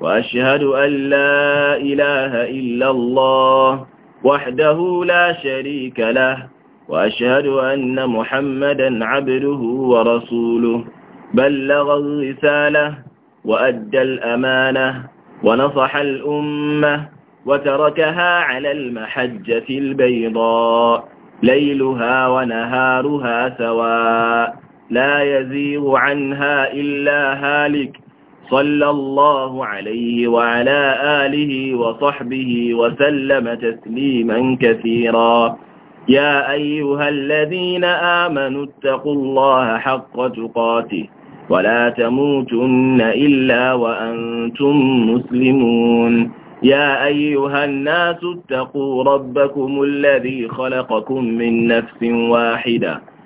وأشهد أن لا إله إلا الله وحده لا شريك له وأشهد أن محمدا عبده ورسوله بلغ الرسالة وأدى الأمانة ونصح الأمة وتركها على المحجة البيضاء ليلها ونهارها سواء لا يزيغ عنها إلا هالك صلى الله عليه وعلى آله وصحبه وسلم تسليما كثيرا يا أيها الذين آمنوا اتقوا الله حق تقاته ولا تموتن إلا وأنتم مسلمون يا أيها الناس اتقوا ربكم الذي خلقكم من نفس واحدة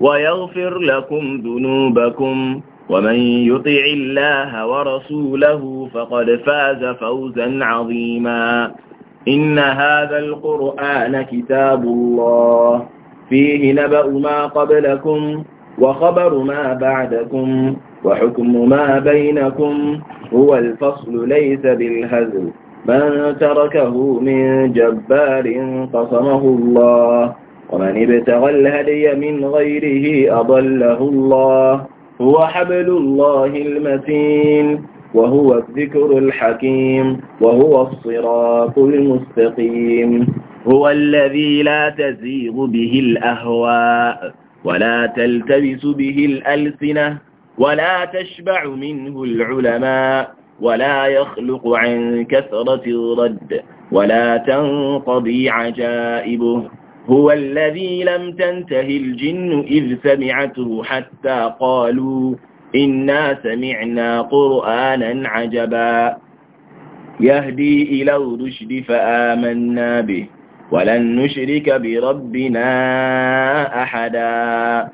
ويغفر لكم ذنوبكم ومن يطع الله ورسوله فقد فاز فوزا عظيما إن هذا القرآن كتاب الله فيه نبأ ما قبلكم وخبر ما بعدكم وحكم ما بينكم هو الفصل ليس بالهزل من تركه من جبار قصمه الله ومن ابتغى الهدي من غيره أضله الله هو حبل الله المتين وهو الذكر الحكيم وهو الصراط المستقيم هو الذي لا تزيغ به الأهواء ولا تلتبس به الألسنة ولا تشبع منه العلماء ولا يخلق عن كثرة الرد ولا تنقضي عجائبه هو الذي لم تنته الجن إذ سمعته حتى قالوا إنا سمعنا قرآنا عجبا يهدي إلى الرشد فآمنا به ولن نشرك بربنا أحدا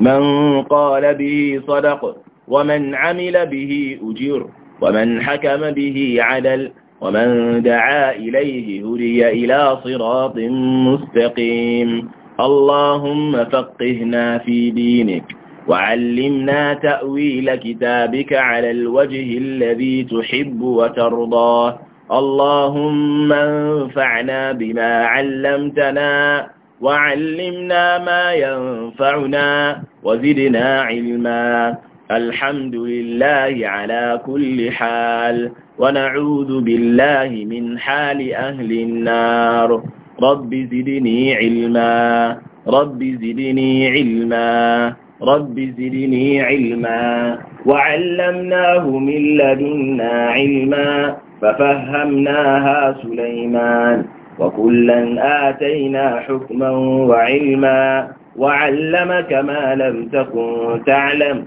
من قال به صدق ومن عمل به أجر ومن حكم به عدل ومن دعا إليه هدي إلى صراط مستقيم اللهم فقهنا في دينك وعلمنا تأويل كتابك على الوجه الذي تحب وترضاه اللهم انفعنا بما علمتنا وعلمنا ما ينفعنا وزدنا علما الحمد لله على كل حال ونعوذ بالله من حال أهل النار رب زدني علما رب زدني علما رب زدني علما وعلمناه من لدنا علما ففهمناها سليمان وكلا آتينا حكما وعلما وعلمك ما لم تكن تعلم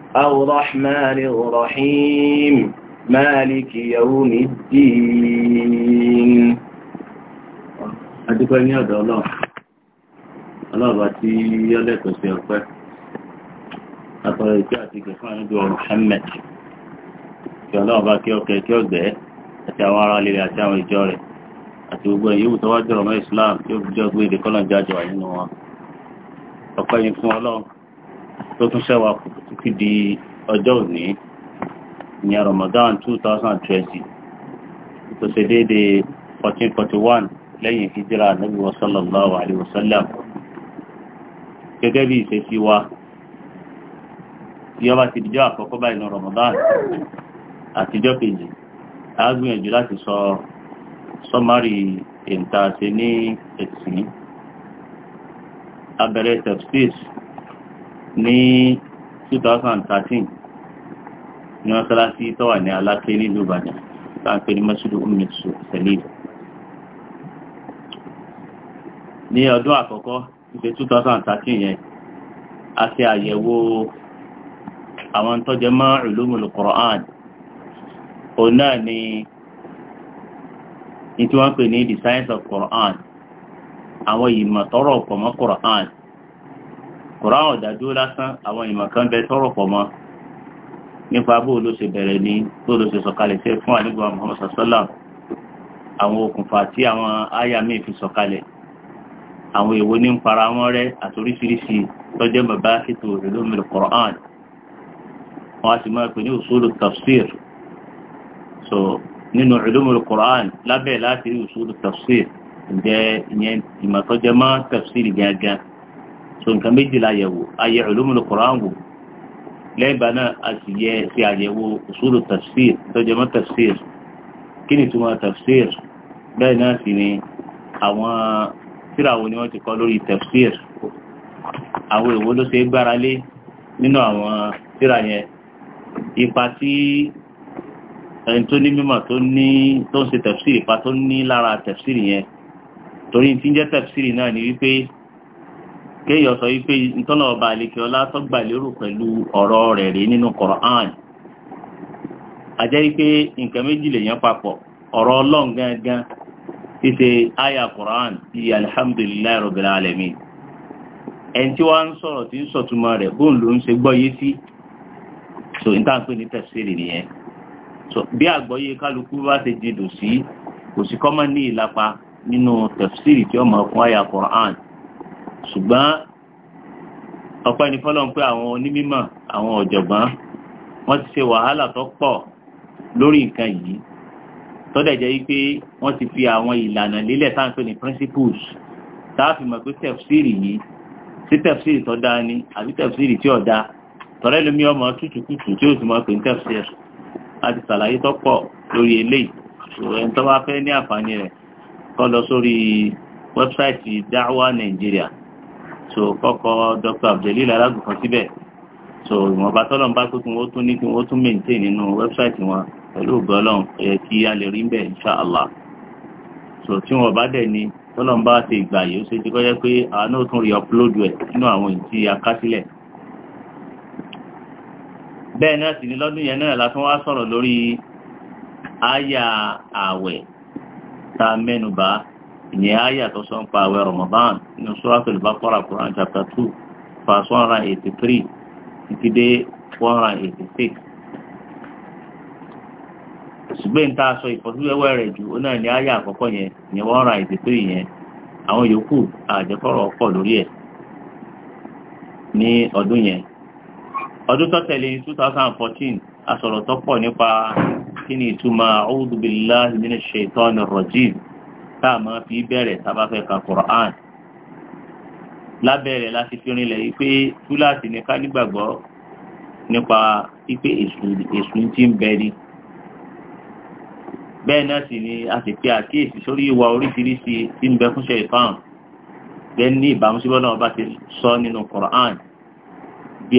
الرحمن الرحيم مالك يوم الدين adúpẹ́ ní ọ̀dọ̀ ọlọ́run ọlọ́ọ̀bá tí yọ́lẹ́tọ̀ sí ọpẹ́ àtọ̀rọ̀ ìjọ àti ìgbẹ̀fún àníbi ọ̀rọ̀ Muhammad kí ọlọ́ọ̀bá kí ọkẹ́ kí ọgbẹ́ àti àwọn ará líle àti àwọn ìjọ rẹ̀ àti gbogbo ẹ̀yìn ìwù tọ́wọ́ jọ̀rọ̀ mọ́ Islam tí ó fi jọ gbé èdè kọ́lọ̀ jájọ wà nínú wọn ọpẹ́ yìí fún ọlọ́run tó tún ṣẹ́wà títí di ọjọ́ òní ní Ramadan 2020 tó ṣe déédé 1441 lẹ́yìn hijira nabi wa sallallahu alaihi wa sallam gẹ́gẹ́ bí ìṣesí wa tí ọba ti dijọ́ àkọ́kọ́ báyìí ní Ramadan àtijọ́ kejì a gbìyànjú láti sọ sọmárì èntàṣe ní ẹ̀sìn abẹ́rẹ́ tefsis ní 2013 ní wọ́n sálásí tó wà ní aláké nílùú ìbàdàn láàpẹ́ ní mọ́ṣúlù omi sẹ̀lẹ̀ ní ọdún àkọ́kọ́ ìpè 2013 yẹn a ṣe àyẹ̀wò àwọn tó jẹ mọ́ ulumul Qur'an òun náà ni ní tí wọ́n pè ní the science of Qur'an àwọn ìmọ̀ tọrọ ọ̀pọ̀ mọ́ Qur'an Kùránì ọ̀dàdúró lásán àwọn ìmọ̀ kan bẹ tọrọ pọ̀ mọ́ nípa bó ló ṣe bẹ̀rẹ̀ ní bó ló ṣe sọ̀kalẹ̀ sí fún àdúgbò Muhammad sàṣọ́là àwọn okùnfà tí àwọn àyà míì fi sọ̀kalẹ̀ àwọn èwo ní ń para wọn rẹ àti oríṣiríṣi tọ́jọ́ bàbá ètò ìlúmìlì Kùránì wọn a sì máa pè ní usulu tafsir so nínú ìlúmìlì Kùránì lábẹ́ láti rí usulu tafsir ǹjẹ́ ìyẹn ìmọ̀tọ́jọ́ máa tafsir gángan so nǹkan méjìlá yẹ̀wò ayé ulumul Qur'an wò lẹ́yìnbá náà a sì yẹ ṣe àyẹ̀wò usulu tafsir tọ́jọ́mọ́ tafsir kí ni túmọ̀ tafsir bẹ́ẹ̀ náà sì ni àwọn tírà wo ni wọ́n ti kọ́ lórí tafsir àwọn èwo ló ṣe é gbára lé nínú àwọn tírà yẹn ipa tí ẹni tó ní mímọ̀ tó ní tó ń ṣe tafsir ipa tó ní lára tafsir yẹn torí ti ń jẹ́ tafsir náà ni wípé kéèyàn sọ wípé ntọ́nà ọba àlekè ọlá tọ́gbà lérò pẹ̀lú ọ̀rọ̀ rẹ̀ rí nínú Qur'an àjẹ́ wípé nǹkan méjì lèèyàn papọ̀ ọ̀rọ̀ ọlọ́run gángan ṣíṣe àyà Qur'an bíi alihamudulilayi rabbil alamin ẹni tí wàá ń sọ̀rọ̀ tí ń sọ̀túnmọ́ rẹ̀ bóun ló ń ṣe gbọ́ sí so n tá n pè ní tẹ̀síìrì nìyẹn so bí àgbọ́yé kálukú bá ṣe jìdù sí kò sí kọ́mọ́ ní ìlapa nínú tẹ̀síìrì tí ó máa fún Qur'an ṣùgbọ́n ọpẹ́ ni fọ́lọ́n pé àwọn onímọ̀ àwọn ọ̀jọ̀gbọ́n wọ́n ti ṣe wàhálà tó pọ̀ lórí nǹkan yìí tọ́dẹ̀ jẹ́ wípé wọ́n ti fi àwọn ìlànà lélẹ̀ táǹpẹ́ ní principles táàfin mọ̀ pé tẹ̀fsírì yìí sí tẹ̀fsírì tó dáa ni àbí tẹ̀fsírì tí ò dáa tọ́rẹ́ lómi ọmọ tútùkùtù tí ó sì mọ̀ pé ń tẹ̀fsírì láti ṣàlàyé tó pọ̀ lórí eléyìí ẹni tó bá fẹ́ ní àǹfààní rẹ̀ kọ́ lọ sórí wẹ́bsáìtì dáwà nàìjíríà so kọ́kọ́ Dr. Abdelil alágùnfọ́n síbẹ̀ so ìwọ̀nba tọ́lọ́n bá pípin ó tún ní kí wọ́n tún maintain nínú wẹ́bsáìtì wọn pẹ̀lú ògbọ́lọ́n ẹ̀yẹ kí a lè rí ń bẹ̀ so tí wọ́n bá dẹ̀ ni tọ́lọ́n bá ti gbà yìí ó ṣe ti kọ́jẹ́ pé àwọn náà tún rí upload ẹ̀ nínú àwọn ìtì akásílẹ̀ bẹ́ẹ̀ náà sì ni lọ́dún yẹn náà látún wá sọ̀rọ̀ lórí àyà ààwẹ̀ tá a mẹ́nubà ni àyà tó sọ ń pa àwẹ̀ Ramadan nínú Suratul Baqara Quran chapter 2 verse one hundred eighty three títí dé one hundred eighty six ṣùgbọ́n ní ta sọ ìfọ́síwẹ́wẹ́ rẹ̀ jù ó náà ní àyà àkọ́kọ́ yẹn ìyẹn one hundred eighty three yẹn àwọn yòókù yẹn ọdún tó a sọ̀rọ̀ tó pọ̀ nípa a'udhu billahi minash rajim tá a máa fi bẹ̀rẹ̀ sábà fẹ́ ka Qur'an lábẹ́rẹ̀ láti fi rinlẹ̀ yìí pé túláàsì ní ká nígbàgbọ́ nípa pípé èṣù tí ń bẹ ni bẹ́ẹ̀ náà sì ni a sì pe àkíyèsí sórí ìwà oríṣiríṣi tí ń bẹ fúnṣẹ́ ìfáhùn bẹ́ẹ̀ ní ìbámu síbọ̀ náà bá ti sọ nínú Qur'an bí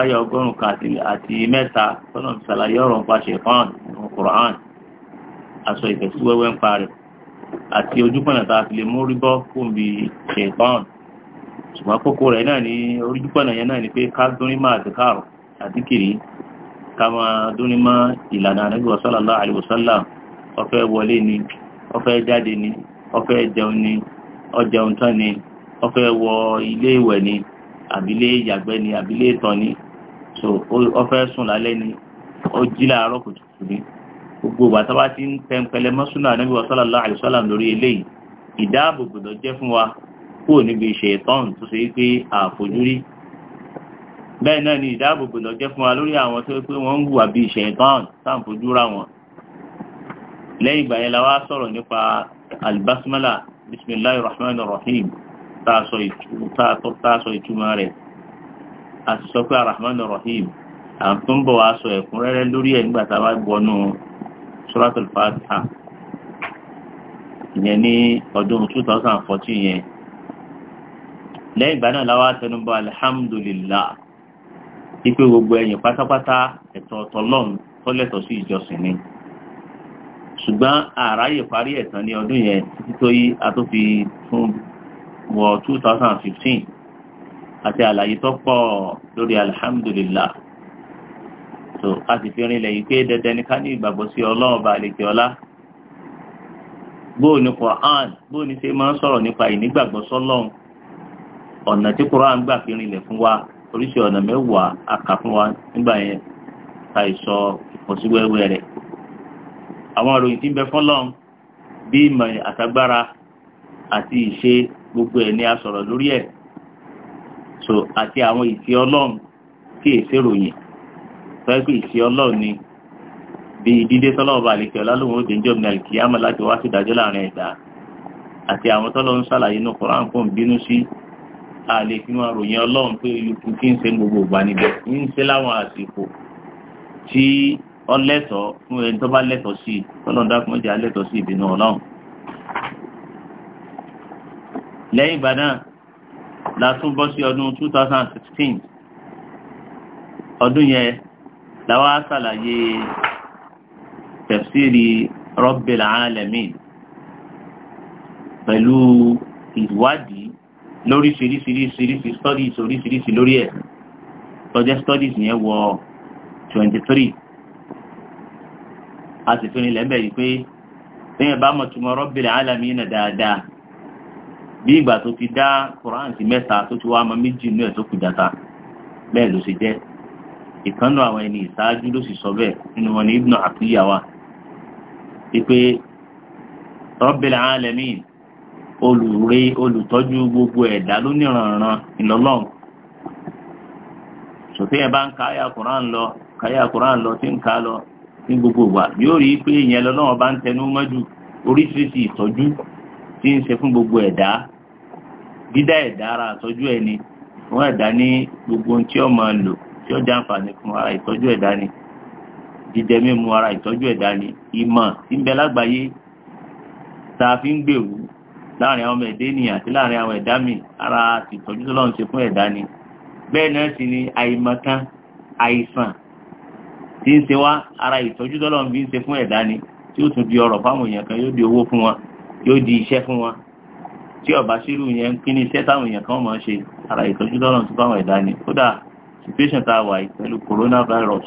àyà ọgọ́rùn-ún kan àti mẹ́ta tọ́nà ìsàlàyé ọ̀rọ̀ ń pa ṣe ìfáhùn nínú Qur'an aṣọ ìfẹ̀síwẹ́wẹ́ ń pa rẹ̀ àti ojúpọ̀nà tá a fi lè mú rí bọ́ kóńbi ṣèǹtọ́n ṣùgbọ́n kókó rẹ̀ náà ní ojúpọ̀nà yẹn náà ni pé ká dúnrín máa ti káàrọ̀ àti kiri ká máa dúnrín mọ́ ìlànà ànábì sallallahu alaihi wasallam ó wọlé ni ó fẹ́ jáde ni ó fẹ́ jẹun ni ó jẹun tán ni ó fẹ́ wọ ilé ìwẹ̀ ni àbílẹ̀ yàgbẹ́ ni àbílẹ̀ ìtọ̀ ni so ó fẹ́ sùn lálẹ́ ni ó jí láàárọ̀ kùtùkùtù ni gbogbo ìgbà tábà ti ń tẹnpẹlẹ mọ́sùnà ànábì sallallahu alaihi wasallam lórí eléyìí ìdáàbòbò lọ jẹ́ fún wa kúrò níbi ṣẹ̀tán tó ṣe pé àfojúrí bẹ́ẹ̀ náà ni ìdáàbòbò lọ jẹ́ fún wa lórí àwọn tó pé wọ́n ń hùwà bí ṣẹ̀tán sáǹfojúra wọn lẹ́yìn ìgbà yẹn la wá sọ̀rọ̀ nípa albasmala bisimilahi rahman rahim tá ìtumọ̀ rẹ̀ a sọ pé rahman rahim à ń tún bọ̀ wá sọ ẹ̀kúnrẹ́rẹ́ lórí ẹ̀ nígbà tá gbọ́nú suratul fatiha ìyẹn ní ọdún two thousand and fourteen yẹn lẹ́yìn ìgbà náà láwa tẹnubọ̀ alihamudulilá ipe gbogbo ẹ̀yìn pátápátá ẹ̀tọ́ ọ̀tọ̀lọ́m tọ́lẹ̀tọ̀ sí ìjọsìn ni ṣùgbọ́n àráyè parí ẹ̀tàn ní ọdún yẹn títí tó yí atófi fún wọ two àti àlàyé tó pọ̀ lórí alihamudulilá so a sì fi rinlẹ̀ yìí pé dandan ni ká ní ìgbàgbọ́ sí ọlọ́run ọba àlejò ọlá bóò ní Qur'an bóò ní ṣe máa ń sọ̀rọ̀ nípa ìnígbàgbọ́ sọ́lọ́run ọ̀nà tí Qur'an gbà fi rinlẹ̀ fún wa oríṣi ọ̀nà mẹ́wàá àkà fún wa nígbà yẹn ká ìsọ ìfọ̀síwẹ́wẹ́ rẹ̀ àwọn ìròyìn tí ń bẹ fọ́lọ́run bí ìmọ̀ àtagbára àti ìṣe gbogbo ẹ̀ ni a sọ̀rọ̀ lórí ẹ̀ so àti àwọn ìfi ọlọ́run kí èsè ròyìn sọ́yẹ́ pé ìṣe ọlọ́run ni bíi dídé tọ́lọ́wọ́ bá lè kẹ́ ọ lálùmọ́ òde níjọ́ mi àlìkí àmọ́ láti wá sí ìdájọ́ láàrin ẹ̀dá àti àwọn tọ́lọ́ ń ṣàlàyé inú koran kò ń bínú sí àlè fi máa ròyìn ọlọ́run pé olùkú kí ń ṣe gbogbo ìgbà níbẹ̀ ń ṣe láwọn àsìkò tí ọlẹ́tọ̀ọ́ fún ẹni tó bá lẹ́tọ̀ọ́ sí tọ́lọ́run dákúmọ́ jẹ́ alẹ́tọ̀ọ́ sí ìbínú ọlọ́run. lẹ́yìn ìgbà náà la tún bọ́ sí ọdún 2016 ọdún yẹn làwọn aṣàlàyé tafsiri Rabbil Alamin pẹ̀lú ìwádìí lóríṣiríṣiríṣiríṣi studies oríṣiríṣi lórí ẹ̀ tọ́jẹ́ studies yẹn wọ twenty three a sì fi rinlẹ̀ bẹ́ẹ̀ yìí pé bẹ́ẹ̀ bá mọ̀ túmọ̀ Rabbil Alamin náà dáadáa bí ìgbà tó ti dá Quran mẹ́ta tó ti wá ọmọ méjì inú ẹ̀ tó kù dáta bẹ́ẹ̀ ló ṣe jẹ́. ìkànnù àwọn ẹni ìṣáájú ló sì sọ bẹ́ẹ̀ nínú wọn ni wa wípé Rabbil alamin olùre olùtọ́jú gbogbo ẹ̀dá lóníranran ìlọ́lọ́run sòtẹ́ ẹ̀ bá ń ka lọ ka àyà lọ tí ń ka lọ ní gbogbo wa yóò rí pé gbogbo ẹ̀dá dídá ẹ̀dá ara àtọ́jú ẹni ẹ̀dá gbogbo ohun tí tí ó jẹ́ àǹfààní fún ara ìtọ́jú ẹ̀dá ni jíjẹ mímu ara ìtọ́jú ẹ̀dá ni ìmọ̀ tí ń bẹ lágbàáyé tá a fi ń gbèrú láàrin àwọn ẹ̀dá ènìyàn àti láàrin àwọn ẹ̀dá mi ara ìtọ́jú tó lọ́n ṣe fún ẹ̀dá ni bẹ́ẹ̀ náà sì ni àìmọ̀kan àìsàn tí ń ṣe wá ara ìtọ́jú tó lọ́n fi ń ṣe fún ẹ̀dá ni tí ó tún di ọrọ̀ fáwọn èèyàn kan yóò di owó fún wọn yóò di iṣẹ́ fún wọn tí ọ̀bá sílù yẹn kí ni iṣẹ́ táwọn èèyàn kan mọ̀ ṣe ara ìtọ́jú tó lọ́n ti fáwọn ẹ̀dá ni kódà situation tá a wà yìí pẹ̀lú coronavirus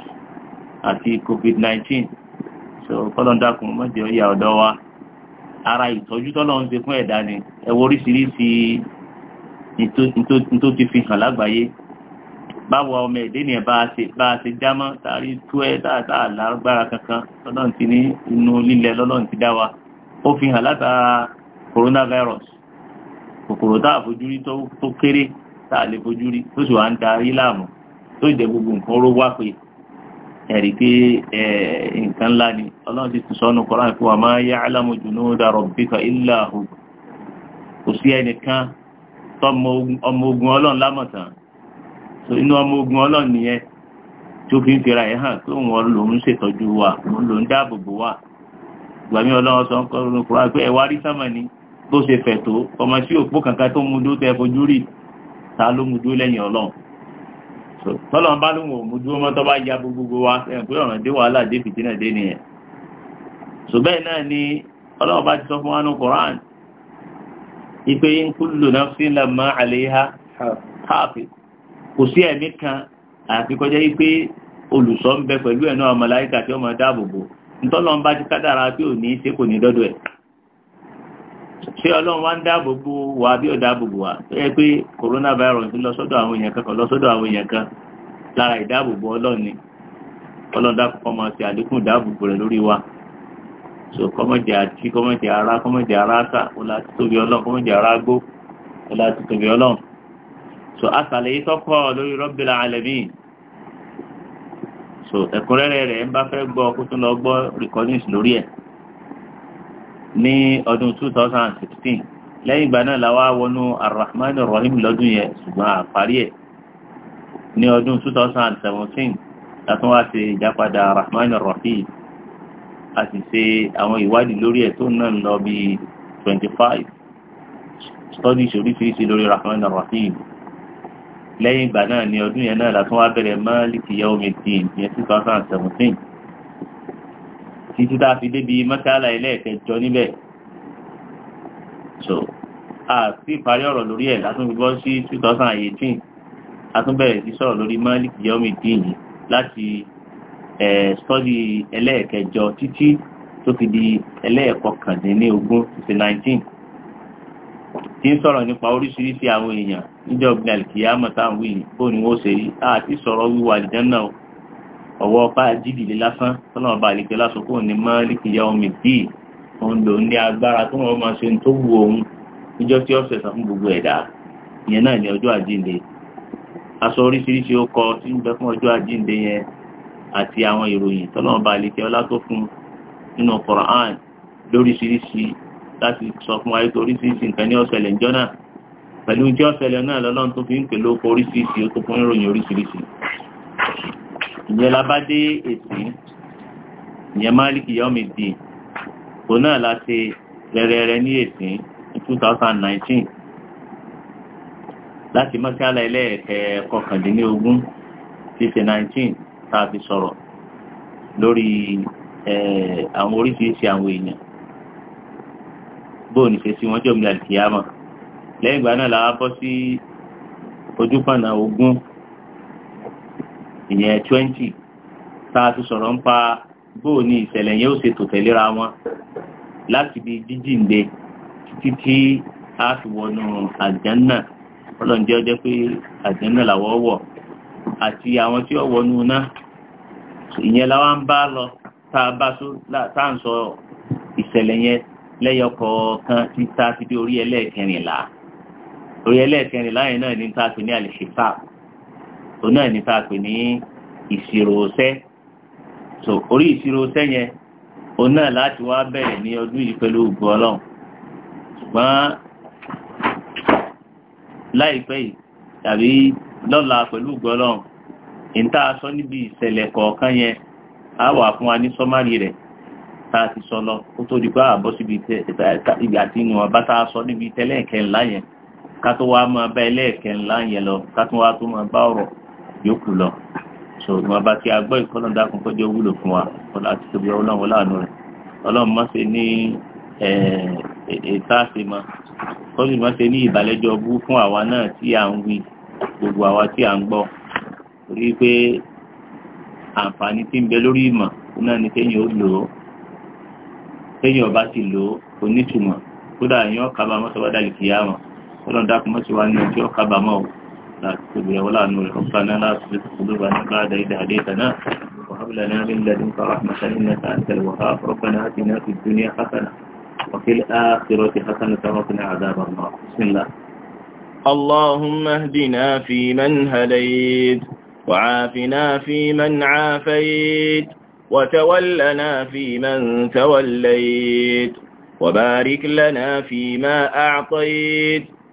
àti covid-19 so kọ́lọ́ndàkùn mọ́jẹ́ ó yà ọ̀dọ́ wa ara ìtọ́jú tọ́lọ́ ń ṣe fún ẹ̀dá ni ẹ wo oríṣiríṣi nítorí ti fi hàn lágbàáyé báwo ọmọ ẹ̀dẹ́ ni ẹ̀ bá a ṣe jámọ́ tàbí tú ẹ dáadáa lágbára kankan lọ́lọ́run ti ní inú lílẹ̀ lọ́lọ́run ti dá wa ó fi hàn látara coronavirus kòkòrò tá a fojú rí tó kéré tá a lè fojú rí tó sì wá ń darí láàmú tó jẹ gbogbo nǹkan ró wá pé ẹ̀rí pé nǹkan ńlá ni ọlọ́run ti sọ́nu Kùránì fún wa ma ya'lamu junuda rabbika illa hu kò sí ẹnìkan tọmọ ogun ọlọ́run lámọ̀tàn so inú ọmọ ogun ọlọ́run nìyẹn tó fi ń fira ẹ̀ hàn pé òun lòún ṣètọ́jú wa òun lòún dáàbò bò wa gbàmí ọlọ́run sọ ń kọ́ ọ́nù Kùránì pé ẹ̀wá rí sámà ni bó ṣe fẹ̀ tó ọmọ sí òpó kankan tó mú dó tẹ fojú rí ta ló mú dó lẹ́yìn ọlọ́run tọ́lọ̀ bá lóun ò mú dúró mọ́ tó bá ya gbogbo wa ẹ̀ pé ọ̀ràn dé wàhálà dé fìtínà dé nìyẹn so bẹ́ẹ̀ náà ni ọlọ́run bá ti sọ fún wa ní Quran ìpè kò sí ẹ̀mí kan kọjá ń bẹ pẹ̀lú ẹ̀ náà tí pé ọlọ́run wá ń dáàbò bò wá bí ó dáàbò bò wá pé pé coronavirus lọ sọ́dọ̀ àwọn èèyàn kan kan lọ sọ́dọ̀ àwọn èèyàn kan lára ìdáàbò bò ọlọ́run ni ọlọ́run dákun kọ́ máa ṣe àlékún ìdáàbò bò rẹ̀ lórí wa so kọ́mọ̀jì àti kọ́mọ̀jì ara kọ́mọ̀jì ara kà ó láti tóbi ọlọ́run kọ́mọ̀jì ara gbó ó láti tóbi ọlọ́run so asàlẹ̀ yìí tọ́kọ̀ lórí Rabbil Alamin so ẹ̀kúnrẹ́rẹ́ rẹ̀ ń bá fẹ́ gbọ́ kó tún lọ gbọ́ recordings lórí ẹ̀ ní ọdún 2016 lẹ́yìn ìgbà náà la wá wọnú arrahman rahim lọ́dún yẹn ṣùgbọ́n àparí ẹ̀ ní ọdún 2017 látún wá ṣe ìjápadà arrahman rahim a sì ṣe àwọn ìwádìí lórí ẹ̀ tó náà lọ bí 25 studies oríṣiríṣi lórí arrahman rahim lẹ́yìn ìgbà náà ní ọdún yẹn náà látún wá bẹ̀rẹ̀ maliki yawmiddin yẹn 2017 títí tá a fi débi mọ́sálà ẹlẹ́ẹ̀kẹjọ níbẹ̀ so àti ìparí ọ̀rọ̀ lórí ẹ̀ látún fi bọ́ sí 2018 àtúnbẹ̀rẹ̀ sí sọ̀rọ̀ lórí malik yomi dín yìí láti sọ́dí ẹlẹ́ẹ̀kẹjọ títí tó fi di ẹlẹ́ẹ̀kọkàndínlógún ti 19 tí ń sọ̀rọ̀ nípa oríṣiríṣi àwọn èèyàn níjọ́ gbìyànjú kìí àmọ̀tá wíì kó ni wọ́n ṣe rí àti sọ̀rọ̀ wíwà àlìjánná ọwọ́ ọpá jídìlé lásán tọ́lọ́ ọba àlejò lásán kò ní mọ́ líkìyà omi díì òun lòun ní agbára tó wọn máa ṣe tó wu òun níjọ́ tí ọ̀sẹ̀ sàn fún gbogbo ẹ̀dá ìyẹn náà ní ọjọ́ àjíǹde aṣọ oríṣiríṣi ó kọ tí ń bẹ fún ọjọ́ àjíǹde yẹn àti àwọn ìròyìn tọ́lọ́ ọba àlejò ọlá tó fún nínú Qur'an lóríṣiríṣi láti sọ fún wa pé oríṣiríṣi nǹkan ní ọ̀sẹ̀lẹ̀ ńjọ́ pẹ̀lú tí ọ̀sẹ̀lẹ̀ náà lọ́lọ́run tó fi ń pè lóko oríṣiríṣi ó tó fún ìròyìn oríṣiríṣi ìyẹn la bá dé èsì ìyẹn máàlìkì yọ́mì dì òun náà la ṣe rẹ̀rẹ̀rẹ̀ ní èsì ní 2019 láti mọ́ṣálá ẹlẹ́ẹ̀kẹ́ kọkàndínlógún fífi 19 tá a fi sọ̀rọ̀ lórí àwọn oríṣiríṣi àwọn èèyàn bóun ṣe sí wọn jọmọ àlìkìyàmọ lẹ́yìn ìgbà náà la bọ́ sí ojúpọnà ogún ìyẹn twenty tá a ti sọ̀rọ̀ ń pa bóò ni ìṣẹ̀lẹ̀ yẹn ó ṣe tò tẹ̀léra wọn láti bí jíjìnde títí tí a fi wọnú àjẹ́nà ọlọ́njẹ́ ọjọ́ pé àjẹ́nà làwọ̀ wọ̀ àti àwọn tí ó wọnú náà ìyẹn láwa ń bá lọ tá a bá tá à ń sọ ìṣẹ̀lẹ̀ yẹn lẹ́yọ kọ̀ọ̀kan tí tá a fi dé orí ẹlẹ́ẹ̀kẹrìnlá orí ẹlẹ́ẹ̀kẹrìnlá yẹn náà ni tá a fi ní àlè ṣe fáàpù tó náà ní sáà pè ní ìṣirò ọ̀sẹ́ so orí ìṣirò ọ̀sẹ́ yẹn òun náà láti wá bẹ̀rẹ̀ ní ọdún yìí pẹ̀lú ògùn ọlọ́run ṣùgbọ́n láìpẹ́ yìí tàbí lọ́la pẹ̀lú ògùn ọlọ́run ìta sọ níbi ìṣẹ̀lẹ̀ kọ̀ọ̀kan yẹn á wà fún wa ní sọ́márì rẹ̀ tá a ti sọ lọ kó tó di pé àbọ̀ síbi ìgbà tí inú ọba tá a sọ níbi tẹ́lẹ̀kẹ́ ńlá yẹn ká tó wá máa bá ẹlẹ́ẹ̀kẹ́ yẹn lọ ká tó wá tó máa bá ọ̀rọ̀ yókù lọ so ìwọ̀n bá ti agbọ́ ìkọ́nà dákun kọjá wúlò fún wa ọlá àti tóbi ọlọ́run láàánú rẹ̀ ọlọ́run má ṣe ní ìtaàsì mọ́ kọ́sì má ṣe ní ìbàlẹ́jọ́ bú fún àwa náà tí à ń wí gbogbo àwa tí à ń gbọ́ torí pé àǹfààní tí ń bẹ lórí ìmọ̀ náà ni kéèyàn ó lò ó kéèyàn ọba ti lò ó onítùmọ̀ kódà èèyàn kábàámọ̀ sọ́wọ́dà lè kíyà wọn ọlọ́run dákun mọ́ sí wa ní ọjọ́ kábàámọ̀ o. لا تسبنا ولا نور حقنا لا تسبت قلوبنا بعد إذا هديتنا وهب لنا من لدنك رحمة إنك أنت الوهاب ربنا آتنا في الدنيا حسنة وفي الآخرة حسنة وقنا عذاب النار بسم الله اللهم اهدنا فيمن هديت وعافنا فيمن عافيت وتولنا فيمن توليت وبارك لنا فيما أعطيت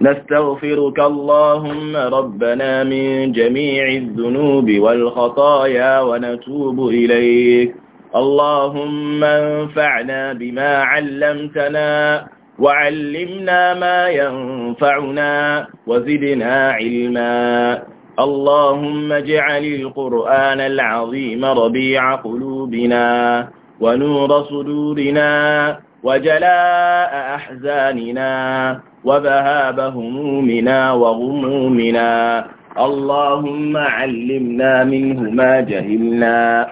نستغفرك اللهم ربنا من جميع الذنوب والخطايا ونتوب إليك اللهم انفعنا بما علمتنا وعلمنا ما ينفعنا وزدنا علما اللهم اجعل القرآن العظيم ربيع قلوبنا ونور صدورنا وجلاء أحزاننا وذهاب همومنا وغمومنا اللهم علمنا منه ما جهلنا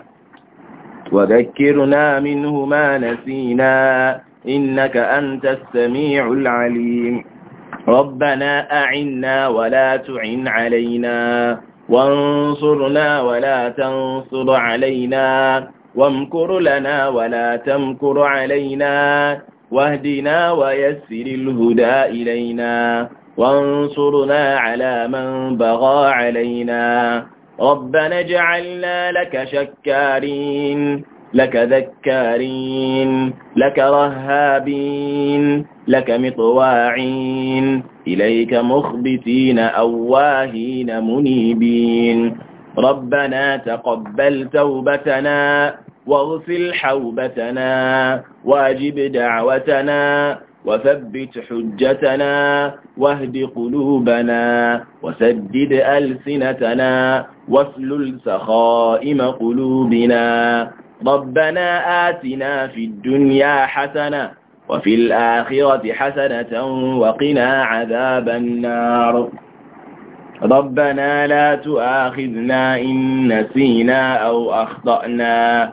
وذكرنا منه ما نسينا إنك أنت السميع العليم ربنا أعنا ولا تعن علينا وانصرنا ولا تنصر علينا وامكر لنا ولا تمكر علينا واهدنا ويسر الهدى إلينا وانصرنا على من بغى علينا ربنا اجعلنا لك شكارين لك ذكارين لك رهابين لك مطواعين إليك مخبتين أواهين منيبين ربنا تقبل توبتنا واغسل حوبتنا واجب دعوتنا وثبت حجتنا واهد قلوبنا وسدد ألسنتنا واسلل سخائم قلوبنا ربنا آتنا في الدنيا حسنة وفي الآخرة حسنة وقنا عذاب النار ربنا لا تؤاخذنا إن نسينا أو أخطأنا